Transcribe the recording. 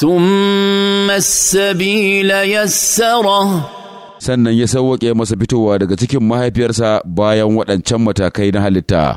ثم السبيل يسره sannan ya sauwaƙe masa fitowa daga cikin mahaifiyarsa bayan waɗancan matakai na halitta